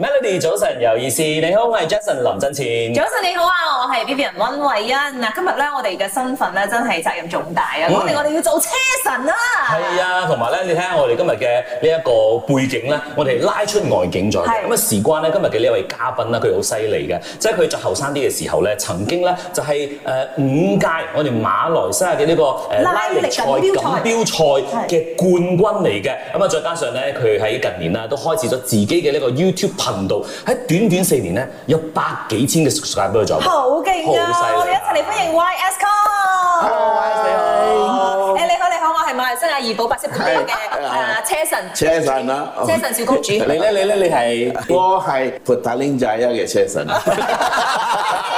Melody 早晨，有意思。你好，我係 Jason 林振前。早晨你好啊，我係 B B 人溫慧欣。嗱，今日咧我哋嘅身份咧真係責任重大啊！我哋我哋要做車神啦。係啊，同埋咧，你睇下我哋今日嘅呢一個背景咧，我哋拉出外景在。咁啊，事關咧今日嘅呢位嘉賓啊，佢好犀利嘅，即係佢作後生啲嘅時候咧，曾經咧就係誒五屆我哋馬來西亞嘅呢個誒拉力賽錦標賽嘅冠軍嚟嘅。咁啊，再加上咧佢喺近年啊都開始咗自己嘅呢個 YouTube。頻道喺短短四年咧，有百幾千嘅 subscriber 咗，好勁啊！我哋、啊、一齊嚟歡迎 YS Call、Hello YS Call，誒 Hi, Hi. 你好你好，我係馬來西亞怡保白色頻道嘅啊車神。Hi. 車神啦、啊，車神小公主，不你咧你咧你係我係 Petaling Jaya 嘅車神、啊。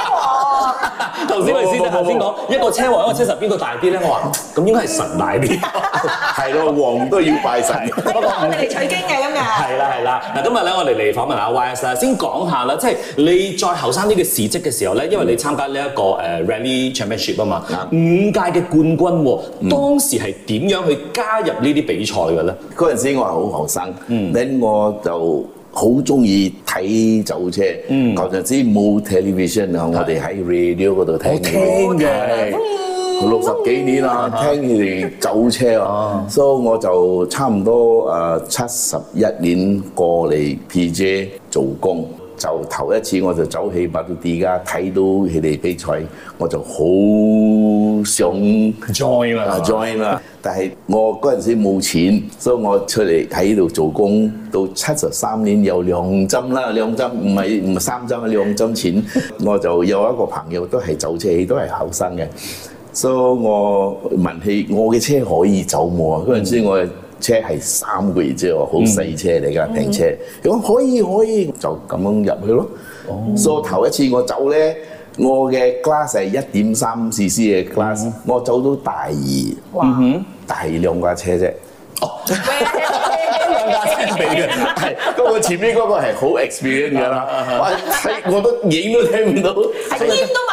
頭先咪先，頭先講一個車王、哦哦、一個車神，邊個大啲咧？我話咁應該係神大啲，係咯，王都要拜晒、 嗯。 我哋嚟取經嘅咁啊！係啦係啦，嗱今日咧，我哋嚟訪問下 Y S 啦，先講下啦，即係你再後生啲嘅事蹟嘅時候咧，因為你參加呢一個誒 Rally Championship 啊嘛、嗯，五屆嘅冠軍，當時係點樣去加入呢啲比賽嘅咧？嗰陣時我係好後生，嗯，咁我就。好鍾意睇走車，舊陣時冇 television，我哋喺 radio 嗰度聽嘅。佢六十幾年啦，嗯、聽住走車啊，的所以我就差唔多七十一年過嚟 P.J. 做工。就頭一次我就走起，乜都跌噶，睇到佢哋比賽，我就好想 join 啦，join 啦。但係我嗰陣時冇錢， 所以我出嚟喺度做工，到七十三年有兩針啦，兩針唔係唔係三針，兩針錢。 我就有一個朋友都係走車，都係後生嘅，所以我問起我嘅車可以走冇啊？嗰陣時我。嗯車係三個月啫喎，好細車嚟㗎，平車。佢、uh huh. 可以可以，就咁樣入去咯。所以頭一次我走咧，我嘅 class 係一點三四 C 嘅 class，我走到第二，哇，第二兩架車啫。哦，兩架車嚟嘅，係。咁前面嗰個係好 experienced 啦，我睇我都影都聽唔到，uh huh.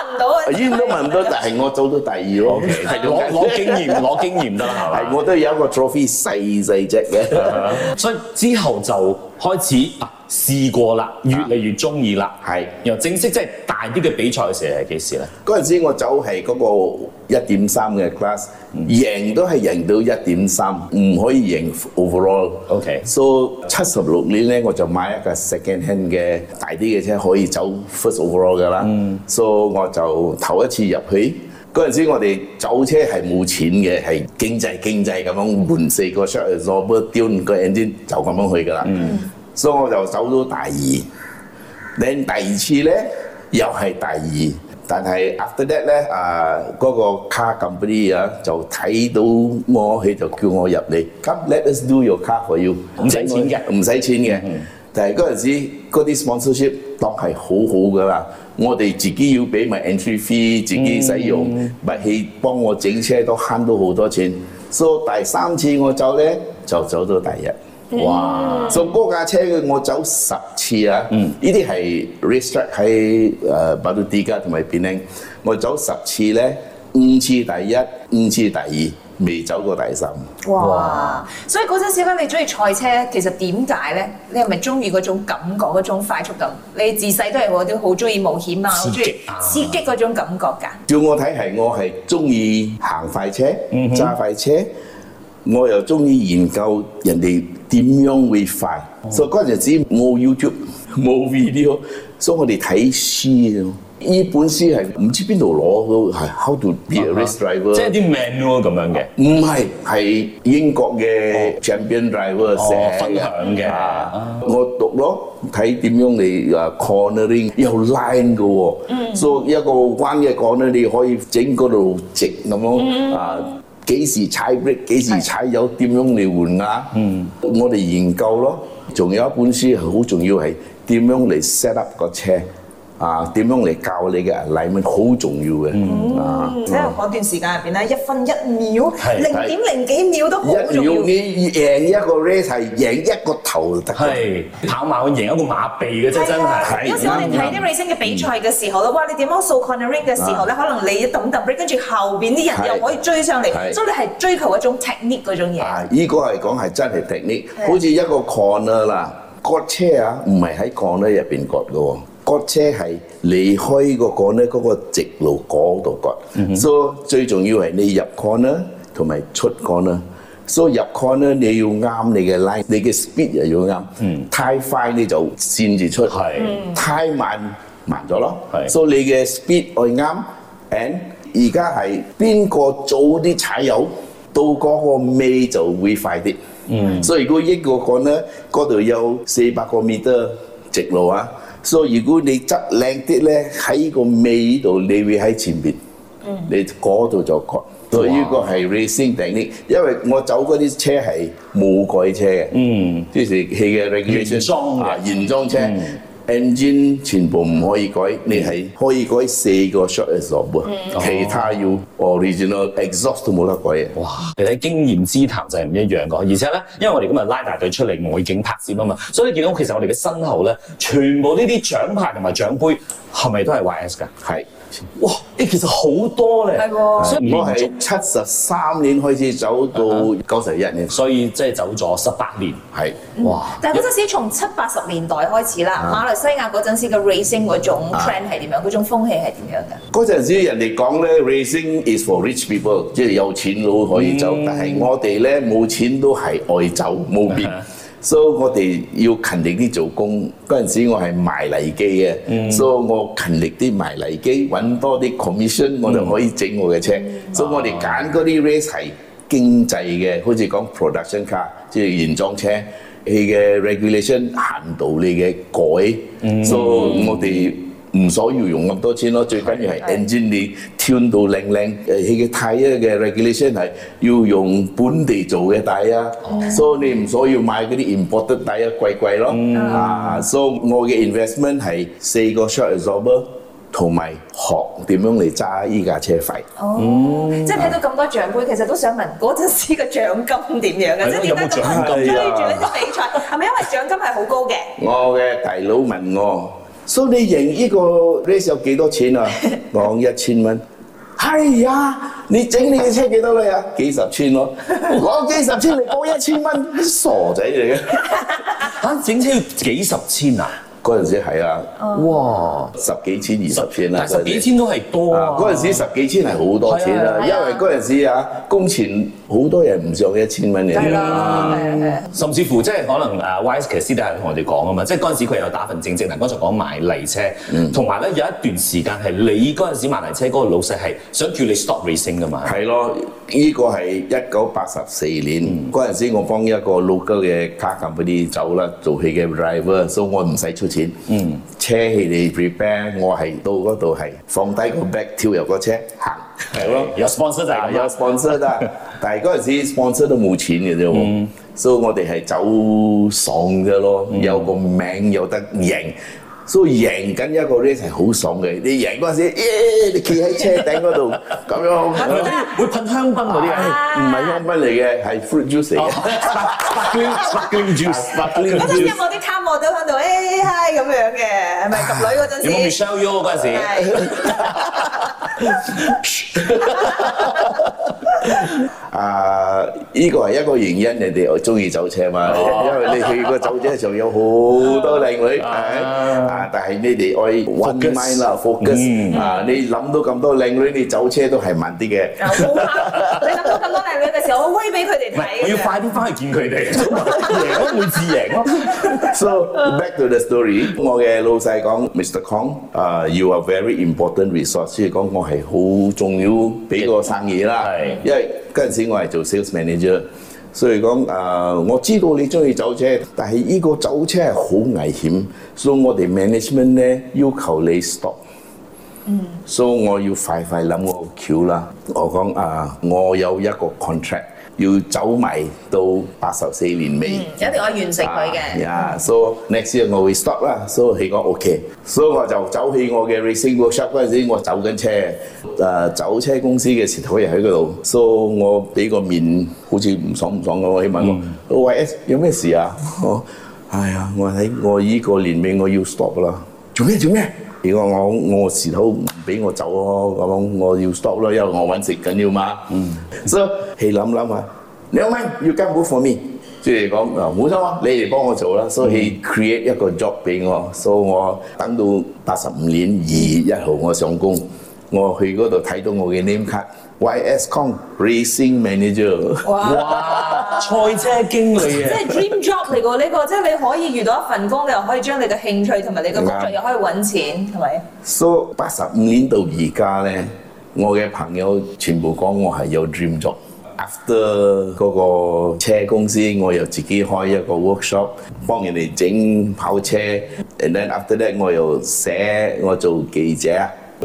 醫院 都問唔到，但係我做到第二個，攞攞經驗，攞經驗得啦，係嘛？我都有個 trophy 細細隻嘅，所以之後就開始。試過啦，越嚟越中意啦，係、啊。又正式即係大啲嘅比賽嘅時候係幾時咧？嗰陣時我走係嗰個一點三嘅 class，贏都係贏到一點三，唔可以贏 overall。OK。So 七十六年咧，我就買一架 second hand 嘅大啲嘅車，可以走 first overall 嘅啦。嗯、so 我就頭一次入去嗰陣時，我哋走車係冇錢嘅，係經濟經濟咁樣，換四個 shock absorber，掉個 engine 就咁樣去㗎啦。嗯。所以、so，我就走到第二，Then，第二次呢，又係第二，但係 after that 咧啊嗰個 car company 啊就睇到我，佢就叫我入嚟。咁 Let us do your car for you，唔使錢嘅，唔使、嗯、錢嘅。嗯嗯、但係嗰陣時嗰啲 sponsorship 當係好好噶啦，我哋自己要畀埋 entry fee，自己使用咪去、嗯、幫我整車都慳到好多錢。所、so，以第三次我走呢，就走到第一。哇！做嗰、嗯、架車嘅我走十次啊！呢啲係 restrict 喺誒馬魯迪家同埋 Bening 我走十次咧，五次第一，五次第二，未走過第三。哇！哇所以嗰陣時咧，你中意賽車，其實點解咧？你係咪中意嗰種感覺，嗰種快速感？你自細都係，我都好中意冒險啊，好中意刺激嗰種感覺㗎。叫我睇係我係中意行快車、揸、嗯、哼快車，我又中意研究人哋。點樣會快？所以嗰陣時冇 YouTube、冇 video，所以我哋睇書咯。呢本書係唔知邊度攞都係 How to be a race driver，即係啲命喎咁樣嘅。唔係，係英國嘅 champion driver 寫分享嘅。我讀咯，睇點樣嚟啊 cornering 有 line 嘅喎。嗯。所以一個彎嘅 corner 你可以整嗰度直咁樣啊。幾時踩 brake？幾時踩油？點樣嚟換啊？嗯的，我哋研究咯。仲有一本書係好重要，係點樣嚟 set up 個車。啊，點樣嚟教你嘅禮物好重要嘅啊！即係嗰段時間入邊咧，一分一秒、零點零幾秒都好重要。要你贏一個 race 係贏一個頭，係跑馬會贏一個馬鼻嘅啫，真係。有時我哋睇啲 race 嘅比賽嘅時候咧，哇！你點樣數 cornering 嘅時候咧，可能你抌抌 brake 跟住後邊啲人又可以追上嚟，所以你係追求一種 technique 嗰種嘢。係，依個係講係真係 technique，好似一個 corner 啦，割車啊，唔係喺 corner 入邊割嘅喎。割車係離開嗰個 corner，嗰個直路嗰度割，所以最重要係你入 corner 同埋出 corner。所以入 corner 你要啱你嘅 line，你嘅 speed 又要啱。太快你就線住出，太慢慢咗咯。所以你嘅 speed 要啱。and 而家係邊個早啲踩油到嗰個尾就會快啲。所以如果一個 corner 嗰度有四百個 meter 嘅直路啊。所以如果你執靚啲咧，喺個尾度，你會喺前面，你嗰度就過。所以呢個係 racing technique，因為我走嗰啲車係冇改車嘅，嗯，即係佢嘅原裝嘅原裝車。Mm. Mm. engine 全部不可以改，你係可以改四個 shock absorber 其他要 original exhaust 都冇得改嘅。哇！你睇經驗之談就係唔一樣嘅，而且呢，因為我哋今日拉大隊出嚟外景拍攝啊嘛，所以你見到其實我哋嘅身後呢，全部呢啲獎牌同埋獎杯係咪都係 Y S 㗎？係。哇！誒、欸，其實好多咧，所以我係七十三年開始走到九十一年，uh uh, 所以即係走咗十八年，係哇！嗯、但係嗰陣時從七八十年代開始啦，uh, 馬來西亞嗰陣時嘅 racing 嗰種 trend 係點樣？嗰、uh, 種風氣係點樣嘅？嗰陣時人哋講咧，racing is for rich people，即係有錢佬可以走，嗯、但係我哋咧冇錢都係愛走冇變。所以、so, 我哋要勤力啲做工，嗰陣時我係賣泥機嘅，所以、mm. so, 我勤力啲賣泥機，揾多啲 commission，我仲可以整我嘅車。所以、mm. so, 我哋揀嗰啲 race 係經濟嘅，好似講 production car，即係原裝車，佢嘅 regulation 限度你嘅改，所以、mm. so, 我哋。唔需要用咁多錢咯，最緊要係 engineer tune 到靚靚，誒，佢嘅 tyre 嘅 regulation 係要用本地做嘅 tyre，所以你唔需要買嗰啲 imported tyre 貴貴咯。啊，所以我嘅 investment 係四個 short absorber 同埋學點樣嚟揸依架車費。哦，即係睇到咁多獎杯，其實都想問嗰陣時嘅獎金點樣嘅？即係呢個咁緊張住呢個比賽，係咪因為獎金係好高嘅？我嘅大佬問我。所以你贏呢個呢首幾多錢啊？講一千蚊，係、哎、啊！你整你嘅車幾多咧啊？幾十千咯，哦，講幾十千你多一千蚊，傻仔嚟嘅嚇！整，啊，車要幾十千啊？嗰陣時係啊，哇，十幾千二十千啊！十幾千都係多啊！嗰陣時十幾千係好多錢啊！啊啊啊因為嗰陣時啊工錢。好多人唔值一千蚊嘅， 啊、甚至乎即係可能誒，Wise 其實都係同我哋講啊嘛，即係嗰陣時佢有打份正職，但係剛才講賣泥車，同埋咧有一段時間係你嗰陣時賣泥車嗰個老細係想叫你 stop racing 㗎嘛？係咯，呢、這個係一九八十四年嗰陣、嗯、時，我幫一個 local 嘅 car company 做啦，做佢嘅 driver，所以我唔使出錢。嗯，車係你 prepare，我係到嗰度係放低個 back 跳入個車行。行行行行行行係咯，有 sponsor 啦，有 sponsor 啦，但係嗰陣時 sponsor 都冇錢嘅啫，所以我哋係走爽嘅咯，有個名又得型。所以贏緊一個 race，係好爽嘅。你贏嗰陣時，你企喺車頂嗰度咁樣，會噴香檳嗰啲？唔係香檳嚟嘅，係 fruit juice 嘅。我白檸 c e 白 e 嗰陣有冇啲卡莫都喺度？哎嗨咁樣嘅，係咪？撳女嗰陣時。有冇笑喎嗰陣時？係。啊！依個係一個原因，人哋我中意走車嘛，因為你去個走車場有好多靚女。啊！啊！但係你哋愛 focus 啦，focus 啊！你諗到咁多靚女，你走車都係慢啲嘅。你諗到咁多靚女嘅時候，我威俾佢哋睇啊！我要快啲翻去見佢哋，我每次贏咯。So back to the story，我嘅老細講，Mr Kong，啊，You are very important resource 嚟講，我係好重要，俾個生意啦。因為嗰陣時我係做 sales manager。所以講誒，so, uh, 我知道你鍾意走車，但係依個走車係好危險，所以我哋 management 要求你 stop、mm。嗯，所以我要快快諗個橋啦。我講誒，uh, 我有一個 contract。要走埋到八十四年尾，一定我完成佢嘅。啊，所以 next year 我會 stop 啦。所以佢講 OK，所以我就走去我嘅 racing workshop 嗰陣時，我走緊車，誒走車公司嘅時頭又喺嗰度，所以我俾個面好似唔爽唔爽噉，佢問我：喂，有咩事啊？我係啊，我話喺我依個年尾我要 stop 啦。做咩做咩？佢話我我時頭。俾我走咯，我講我要 stop 咯，因為我揾食緊要嘛。嗯，所以佢諗諗，話，你阿媽要加股貨咪，即係講冇錯啊，你嚟幫我做啦。所以佢 create 一個 job 俾我，所以我等到八十五年二月一號我上工。我去嗰度睇到我嘅 name card，YS Kong Racing Manager。哇！賽 哇車經理啊，即係 dream job 嚟個呢、呢個，即係你可以遇到一份工，你又可以將你嘅興趣同埋你嘅工作又可以揾錢，係咪、嗯？所以八十五年到而家咧，我嘅朋友全部講我係有 dream job。After 嗰個車公司，我又自己開一個 workshop，幫人哋整跑車。And then, after that，我又寫，我做記者。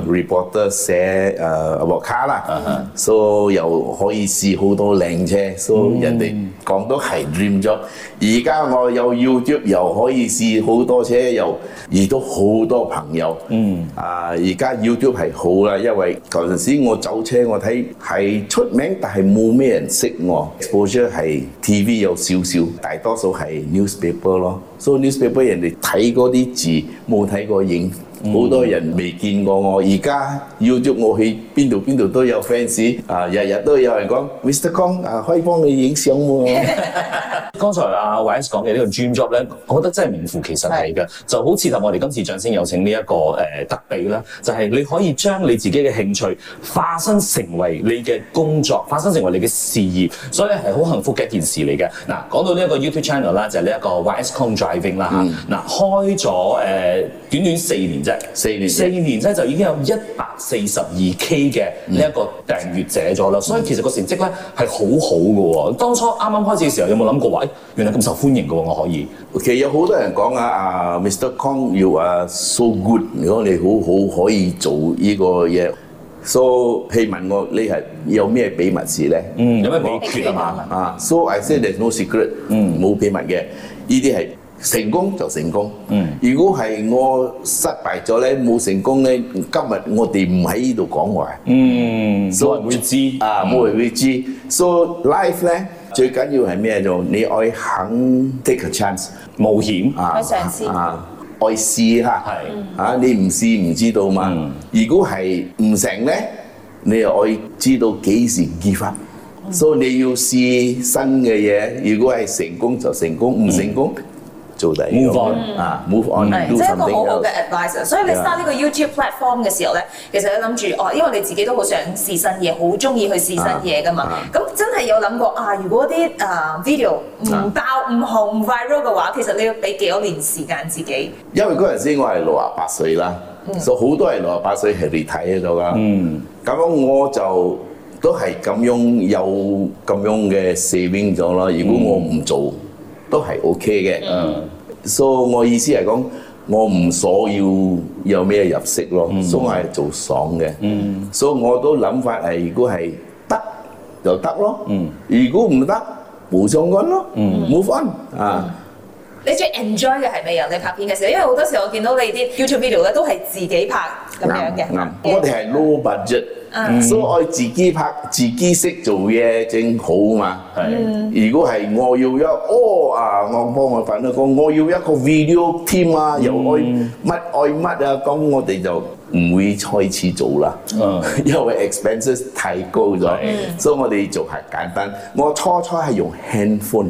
reporter 寫，誒報卡啦，so 又可以試好多靚車，so 人哋講都係 dream job、mm，而家我有 YouTube 又可以試好多車，又遇到好多朋友。嗯，啊，而家 YouTube 係好啦，因為舊陣時我走車我睇係出名，但係冇咩人識我。我 exposure 係 TV 有少少，大多數係 newspaper 咯。So newspaper 人哋睇過啲字，冇睇過影，好多人未見過我。而家邀咗我去邊度邊度都有 fans 啊，日日都有人講 Mr Kong 啊，可以幫你影相，剛才啊 Y S 講嘅呢個 dream job 咧，我覺得真係名副其實嚟嘅、 這個 uh，就好似同我哋今次掌聲有請呢一個誒特備啦，就係你可以將你自己嘅興趣化身成為你嘅工作，化身成為你嘅事業，所以咧係好幸福嘅一件事嚟嘅。嗱，講到呢一個 YouTube Channel 啦，就係呢一個 Y S Kong Drive 啦嚇，嗱、嗯、開咗誒、呃、短短四年啫，四年四年啫就已經有一百四十二 K 嘅呢一個訂閱者咗啦，嗯、所以其實個成績咧係好好嘅喎。當初啱啱開始嘅時候，有冇諗過話、哎、原來咁受歡迎嘅喎？我可以，其實、okay，有好多人講啊，啊、uh, Mr. Kong, you are so good，如果你好好可以做呢個嘢，so he 問我你係有咩秘密事咧？嗯，有咩秘訣我秘密啊嘛？啊，so I say there's no secret，嗯，冇秘密嘅，呢啲係。成功就成功。嗯，如果係我失敗咗咧，冇成功咧，今日我哋唔喺呢度講話。嗯，所以會知啊，冇人會知。所以 life 咧，最緊要係咩，就你愛肯 take a chance 冒險啊，愛嘗試啊，愛試嚇。係啊，你唔試唔知道嘛。如果係唔成咧，你又愛知道幾時結婚。所以你要試新嘅嘢。如果係成功就成功，唔成功。做第一個啊，move on，即係一個好好嘅 advisor、uh, 所以你 start 呢個 YouTube platform 嘅時候咧，其實你諗住哦，因為你自己都好想試新嘢，好中意去試新嘢噶嘛。咁、uh, 真係有諗過啊？如果啲誒、uh, video 唔爆、唔、uh, 紅、唔 viral 嘅話，其實你要俾幾多年時間自己。因為嗰陣時我係六啊八歲啦，所以好多係六啊八歲係你睇咗啦。咁我、um, 我就都係咁樣有咁樣嘅 saving 咗啦。如果我唔做。Um, 都係 O K 嘅，嗯、mm，所、hmm. 以、so, 我意思係講，我唔所要有咩入息咯，mm hmm. 所以我係做爽嘅，所以、mm hmm. so, 我都諗法係，如果係得就得咯，mm hmm. 如果唔得，冇上岸咯，冇分啊。Hmm. Move on. mm hmm. 你最 enjoy 嘅係咩啊？你拍片嘅時候，因為好多時候我見到你啲 YouTube video 咧，都係自己拍咁樣嘅。嗯、樣我哋係 low budget，、mm. 所以我自己拍，自己識做嘢正好啊嘛。Mm. 如果係我要一哦啊，我幫我反啊個，我要一個 video team 啊，mm. 又愛乜愛乜啊，咁我哋就唔會開始做啦。因為 expenses 太高咗，所以我哋做係簡單。我初初係用 handphone。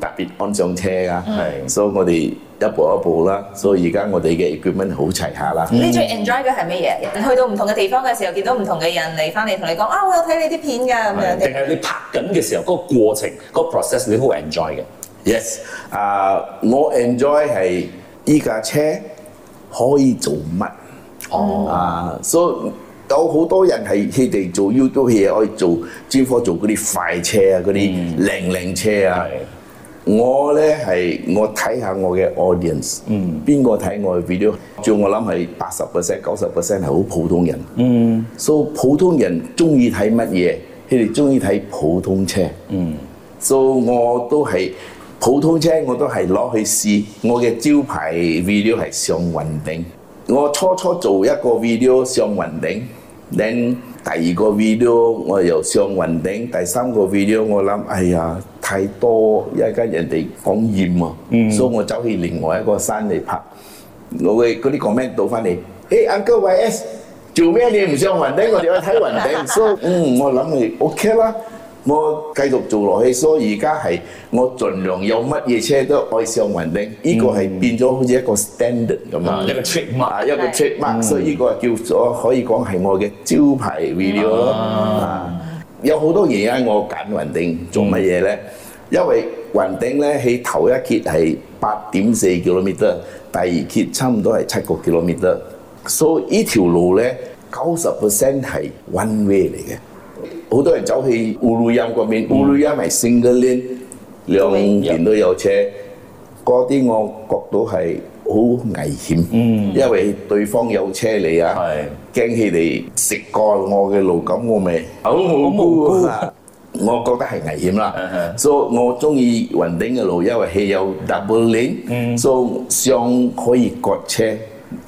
特別安上車啊，所以我哋一步一步啦，所以而家我哋嘅 equipment 好齊下啦。你最 enjoy 嘅係乜嘢？去到唔同嘅地方嘅時候，見到唔同嘅人嚟翻嚟同你講啊，我有睇你啲片㗎咁樣。定係你拍緊嘅時候，個過程，個 process 你好 enjoy 嘅。Yes，啊，我 enjoy 係依架車可以做乜？哦，啊，所以有好多人係佢哋做 YouTube 可以做 G4 做嗰啲快車啊，嗰啲靚靚車啊。我呢係我睇下我嘅 audience，邊個睇我嘅 video？最我諗係八十個 percent、九十個 percent 係好普通人，So 普通人中意睇乜嘢？佢哋中意睇普通車，So 我都係普通車，我都係攞去試。我嘅招牌 video 係上雲頂。我初初做一個 video 上雲頂，then 第二個 video 我又上雲頂，第三個 video 我諗哎呀～太多一陣間人哋講厭啊，所以我走去另外一個山嚟拍。我會嗰啲講咩倒翻嚟？誒，阿哥喂，做咩你唔上雲頂？我哋去睇雲頂。所以嗯，我諗你 OK 啦，我繼續做落去。所以而家係我儘量有乜嘢車都愛上雲頂。呢個係變咗好似一個 standard 咁樣，一個 trademark，一個 trademark。所以呢個叫咗可以講係我嘅招牌 video 囉啊。有好多原因，我揀雲頂做乜嘢咧？嗯、因為雲頂咧，起頭一揭係八點四 kilometre，第二揭差唔多係七個 kilometre，所以呢條路咧，九十 percent 係 one way 嚟嘅。好多人走去烏魯音嗰邊，嗯、烏魯音咪 single lane，兩邊都有車，嗰啲、嗯、我覺到係好危險，嗯、因為對方有車嚟啊。驚佢哋食過我嘅路咁，我咪好無辜，我覺得係危險啦，所、so, 以我中意雲頂嘅路，因為佢有 double line，所以上、mm. so, 可以割車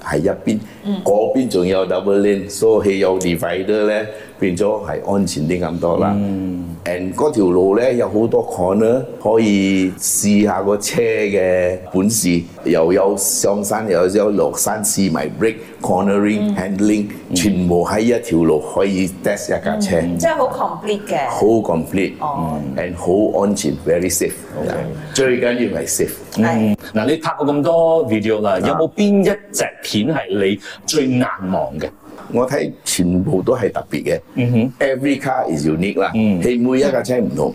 喺一邊，嗰邊仲有 double line，所、so, 以佢有 divider 咧，變咗係安全啲咁多啦。Mm. 誒，嗰條路咧有好多 corner 可以試下個車嘅本事，又有上山又有落山，試埋 brake cornering、handling，全部喺一條路可以 test 一架車，真係好 complete 嘅，好 complete，嗯，誒好安全，very safe，最緊要係 safe。係， 嗱你拍過咁多 video 啦，有冇邊一隻片係你最難忘嘅？我睇全部都係特別嘅，every car is unique 啦，係每一架車唔同。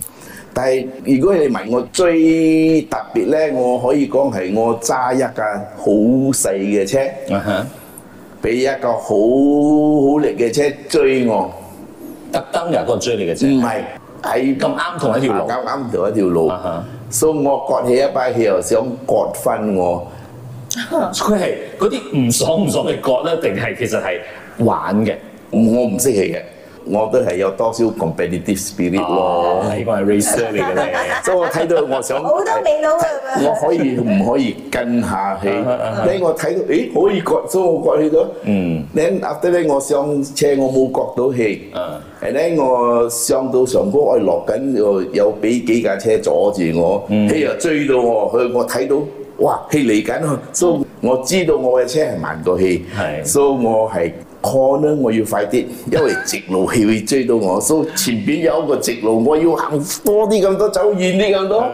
但係如果你問我最特別咧，我可以講係我揸一架好細嘅車，俾一個好好力嘅車追我，特登有一個追你嘅車，唔係係咁啱同一條路，咁啱同一條路，所以我割起一把氣想割翻我，佢係嗰啲唔爽唔爽嘅割咧，定係其實係。玩嘅，我唔識氣嘅，我都係有多少 competitive spirit 咯，呢個係 racer 嚟嘅咧，所以我睇到我想，好多你都喎，我可以唔可以跟下氣？咧我睇到，咦可以過，所以我過氣咗。嗯，咧阿爹咧我上車我冇過到氣，嗯，係咧我上到上高我落緊，又有俾幾架車阻住我，氣又追到我，佢我睇到，哇氣嚟緊，所以我知道我嘅車係慢過氣，係，所以我係。可能我要快啲，因為直路佢會追到我， 所以前面有一個直路，我要行多啲咁多，走遠啲咁多。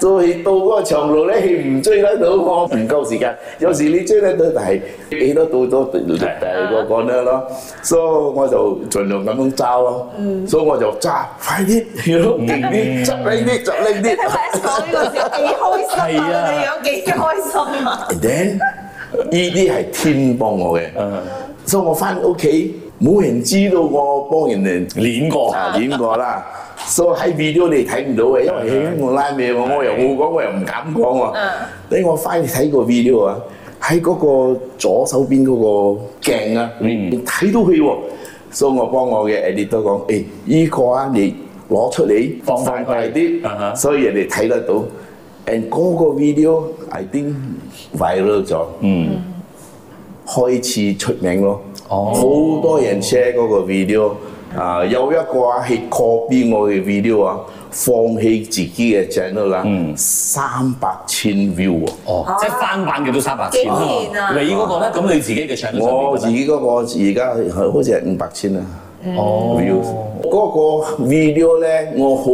所以到到嗰個長路咧，佢唔追得到我，唔夠時間。有時你追得到，但係幾多到咗就係嗰個咧咯。 所以我就盡量咁樣揸咯。 所以我就揸快啲，勁啲，執拎啲，執拎啲。你睇下我嗰時幾開心啊！ 是啊你樣幾開心啊 And！Then 呢啲係天幫我嘅。 所以我翻屋企冇人知道我幫人哋練過練過啦，所以喺 video 你睇唔到嘅，因為我拉咩？我我又冇講我又唔敢講喎。你我翻去睇個 video 啊，喺嗰個左手邊嗰個鏡啊，你睇到佢喎。所以我幫我嘅人哋都講，誒呢個啊，你攞出嚟放大啲，所以人哋睇得到。and 嗰個 video I think viral 咗。開始出名咯，好多人 share 嗰個 video，啊有一個啊係 copy 我嘅 video 啊，放棄自己嘅 channel 啦，嗯，三百千 view 啊，哦，即係翻版嘅都三百千你嗰個咧，咁你自己嘅 channel，我自己嗰個而家好似係五百千啊，哦，view，嗰個 video 咧，我好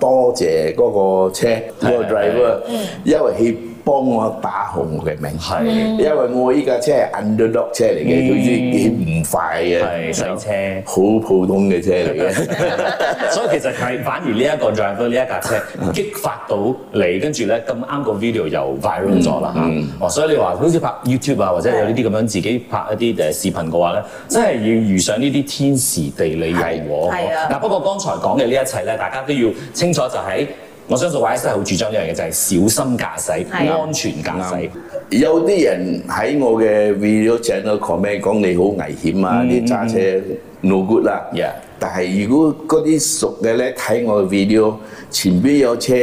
多謝嗰個車 driver，因為幫我打紅我嘅名，係是因為我依架車係 underdog 車嚟嘅，佢之幾唔快嘅細車，好普通嘅車嚟嘅。 所以其實係反而呢、這、一個 driver 呢一架車激發到你，跟住咧咁啱個 video 又 viral 咗啦嚇。哦、嗯嗯啊，所以你話好似拍 YouTube 啊，或者有呢啲咁樣自己拍一啲誒視頻嘅話咧，的真係要遇上呢啲天時地利人和。嗱的不過剛才講嘅呢一切咧，大家都要清楚就喺、是。我相信 Y 仔都好注重一樣嘢，就係、是、小心駕駛，的安全駕駛。有啲人喺我嘅 video 正個 comment 講你好危險啊，啲揸、嗯、車、嗯、no good 啦、啊。Yeah. 但係如果嗰啲熟嘅咧睇我 video，前邊有車，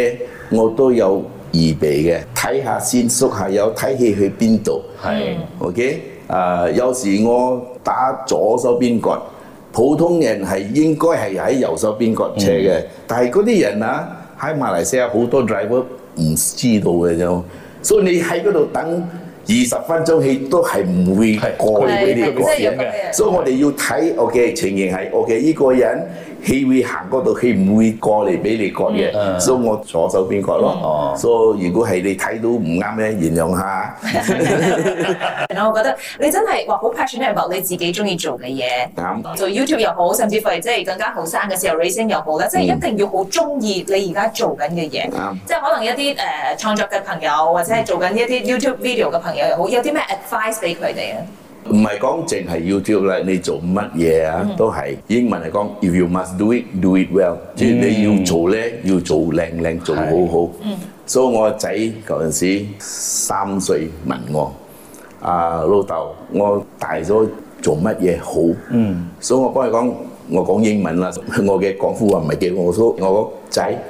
我都有預備嘅，睇下先，熟下有睇佢去邊度。係，OK。啊，有時我打左手邊角，普通人係應該係喺右手邊角車嘅，嗯、但係嗰啲人啊～喺馬來西亞好多 driver 唔知道嘅啫，所、so，以你喺嗰度等二十分鐘，佢都係唔會過。嗰啲咁嘅，所以我哋要睇 OK 情形係 OK 呢個人。So, Hey, He 佢會行嗰度，佢唔會過嚟俾你割嘢，所以我左手邊割咯。所以如果係你睇到唔啱咧，原諒下。然後我覺得你真係話，好 passionate about 你自己中意做嘅嘢。對做 YouTube 又好，甚至乎係即係更加後生嘅時候 racing 又好咧，即係一定要好中意你而家做緊嘅嘢。對即係可能一啲誒創作嘅朋友，或者係做緊一啲 YouTube video 嘅朋友又好，有啲咩 advice 俾佢哋啊？唔係講淨係 YouTube 啦，你做乜嘢啊？都係英文嚟講，you must do it, do it well，即係你要做咧，要做靚靚，做好好。所以，我仔嗰陣時三歲問我：啊，老豆，我大咗做乜嘢好？所以，我幫佢講，我講英文啦。我嘅廣府話唔係幾好。我講：我講仔，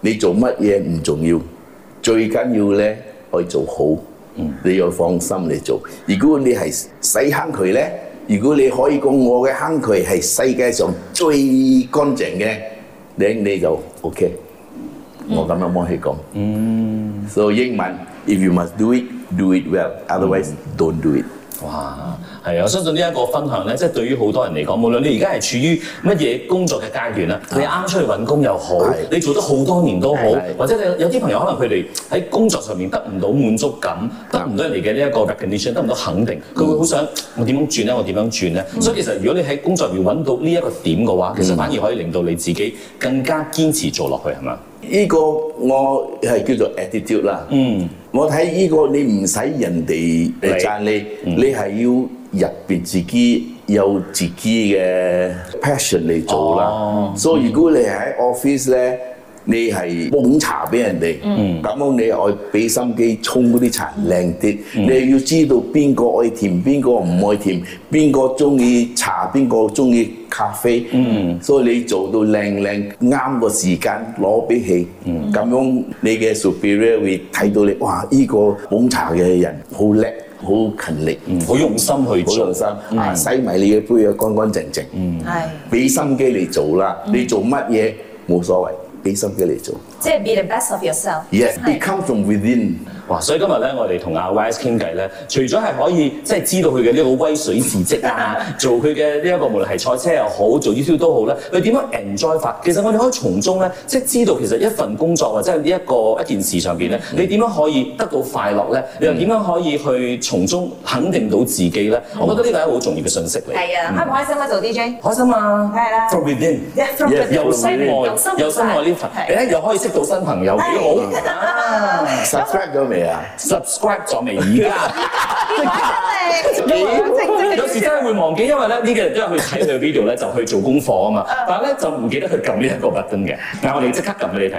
你做乜嘢唔重要，最緊要咧可以做好。你要放心嚟做。如果你係洗坑渠呢，如果你可以講我嘅坑渠係世界上最乾淨嘅，咁你就 OK。我覺得冇咩講。所以英文，If you must do it, do it well, otherwise don't do it。哇，係啊！我相信呢一個分享咧，即、就、係、是、對於好多人嚟講，無論你而家係處於乜嘢工作嘅階段啦，啊、你啱出去揾工又好，的你做得好多年都好，的或者你有啲朋友的可能佢哋喺工作上面得唔到滿足感，的得唔到人哋嘅呢一個 recognition，得唔到肯定，佢會好想、嗯、我點樣轉咧？我點樣轉咧？嗯、所以其實如果你喺工作入面揾到呢一個點嘅話，嗯、其實反而可以令到你自己更加堅持做落去，係咪？呢個我係叫做 attitude 啦。嗯。我睇呢個你唔使人哋嚟讚你，你係要入面自己有自己嘅 passion 嚟做啦。所以如果你係喺 office 呢，你係捧茶俾人哋，咁樣你愛俾心機沖嗰啲茶靚啲，你又要知道邊個愛甜，邊個唔愛甜，邊個鍾意茶，邊個鍾意。咖啡，所以你做到靚靚啱個時間攞俾佢，咁樣你嘅 superior 會睇到你，哇！呢個捧茶嘅人好叻，好勤力，好用心去做，用心啊！洗埋你嘅杯啊，乾乾淨淨，係俾心機嚟做啦。你做乜嘢冇所謂，俾心機嚟做。即係 be the best of yourself。Yes，be come from within。哇，所以今日咧，我哋同阿 w i s e 傾偈咧，除咗係可以即係知道佢嘅呢個威水事跡啊，做佢嘅呢一個無論係賽車又好，做 YouTube 都好咧，佢點樣 enjoy 法？其實我哋可以從中咧，即係知道其實一份工作或者呢一個一件事上邊咧，你點樣可以得到快樂咧？你又點樣可以去從中肯定到自己咧？我覺得呢個係好重要嘅信息嚟。係啊。開唔開心啊？做 DJ？開心啊！梗係啦。From within。y e s 心內，由心內呢份。又可以識。做新朋友幾好？subscribe 咗未啊？subscribe 咗未？而家有， 有時真係會忘記，因為咧呢幾日都係去睇佢 video 咧，就去做功課啊嘛。但係咧就唔記得去撳呢一個 button 嘅。但係，我哋即刻撳俾你睇。